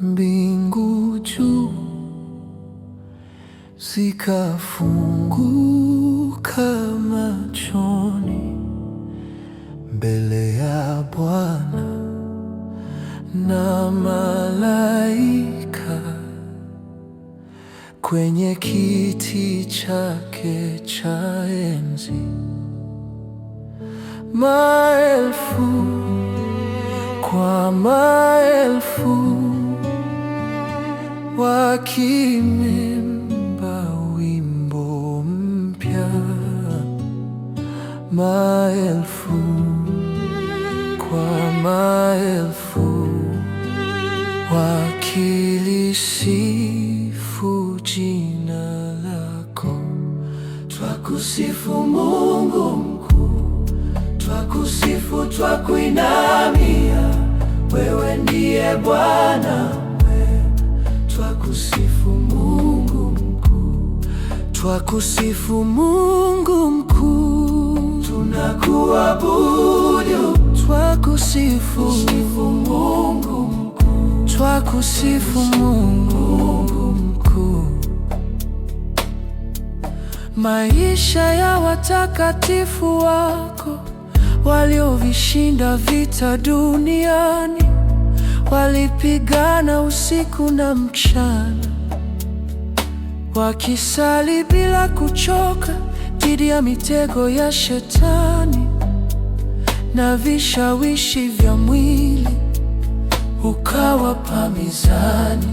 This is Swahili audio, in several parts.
mbingu juu, zikafunguka machoni mbele ya Bwana na malaika kwenye kiti chake cha enzi, maelfu kwa maelfu wakimimba wimbo mpya, maelfu kwa maelfu wakilisifu jina lako. Twakusifu Mungu mkuu, twakusifu, twakuinamia, wewe ndiye Bwana Twakusifu Mungu mkuu, twakusifu Mungu mkuu, tunakuabudu. Twakusifu Mungu mkuu, twakusifu Mungu mkuu. Maisha ya watakatifu wako waliovishinda vita duniani walipigana usiku na mchana, wakisali bila kuchoka dhidi ya mitego ya shetani na vishawishi vya mwili, ukawapa mizani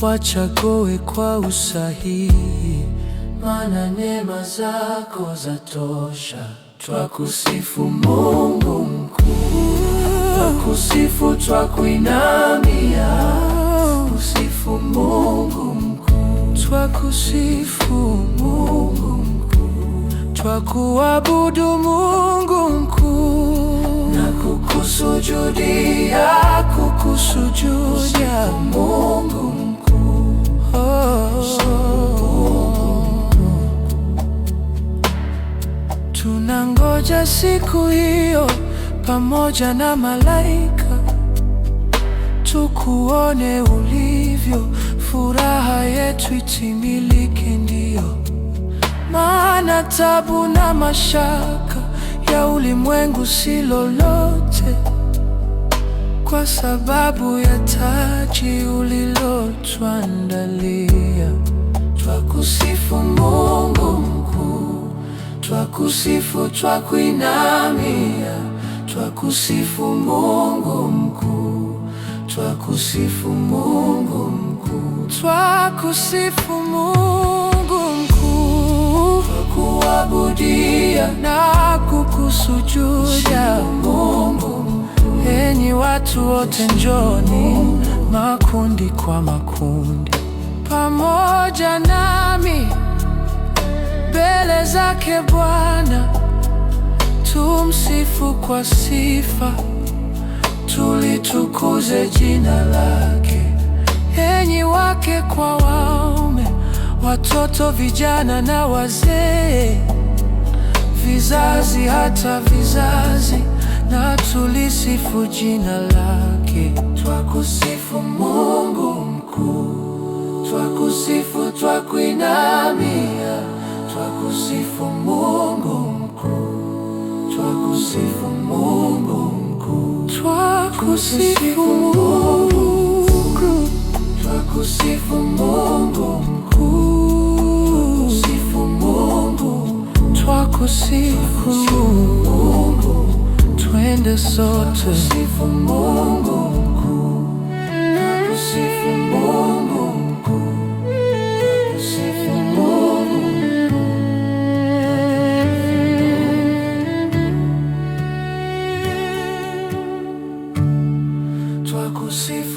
wachagoe kwa usahihi, maana neema zako zatosha. Twakusifu Mungu. Twakusifu, twakuinamia, kusifu Mungu mkuu, twakusifu Mungu mkuu, twakuabudu Mungu mkuu na kukusujudia, kukusujudia Mungu mkuu oh, oh. Tunangoja siku hiyo pamoja na malaika, tukuone ulivyo, furaha yetu itimilike. Ndiyo maana tabu na mashaka ya ulimwengu si lolote kwa sababu ya taji ulilotuandalia. Twakusifu Mungu mkuu, twakusifu, twakuinamia Twakusifu Mungu mkuu, twakusifu Mungu mkuu, twakusifu Mungu mkuu, twakuabudia na kukusujudia Mungu. Enyi watu wote njoni, makundi kwa makundi, pamoja nami mbele zake Bwana tumsifu kwa sifa, tulitukuze jina lake. Enyi wake kwa waume, watoto, vijana na wazee, vizazi hata vizazi, na tulisifu jina lake. Twakusifu Mungu mkuu, twakusifu, twakuinamia, twakusifu Mungu mkuu Twakusifu Mungu twakusifu Mungu twakusifu Mungu, twakusifu Mungu, twende sote, twakusifu Mungu se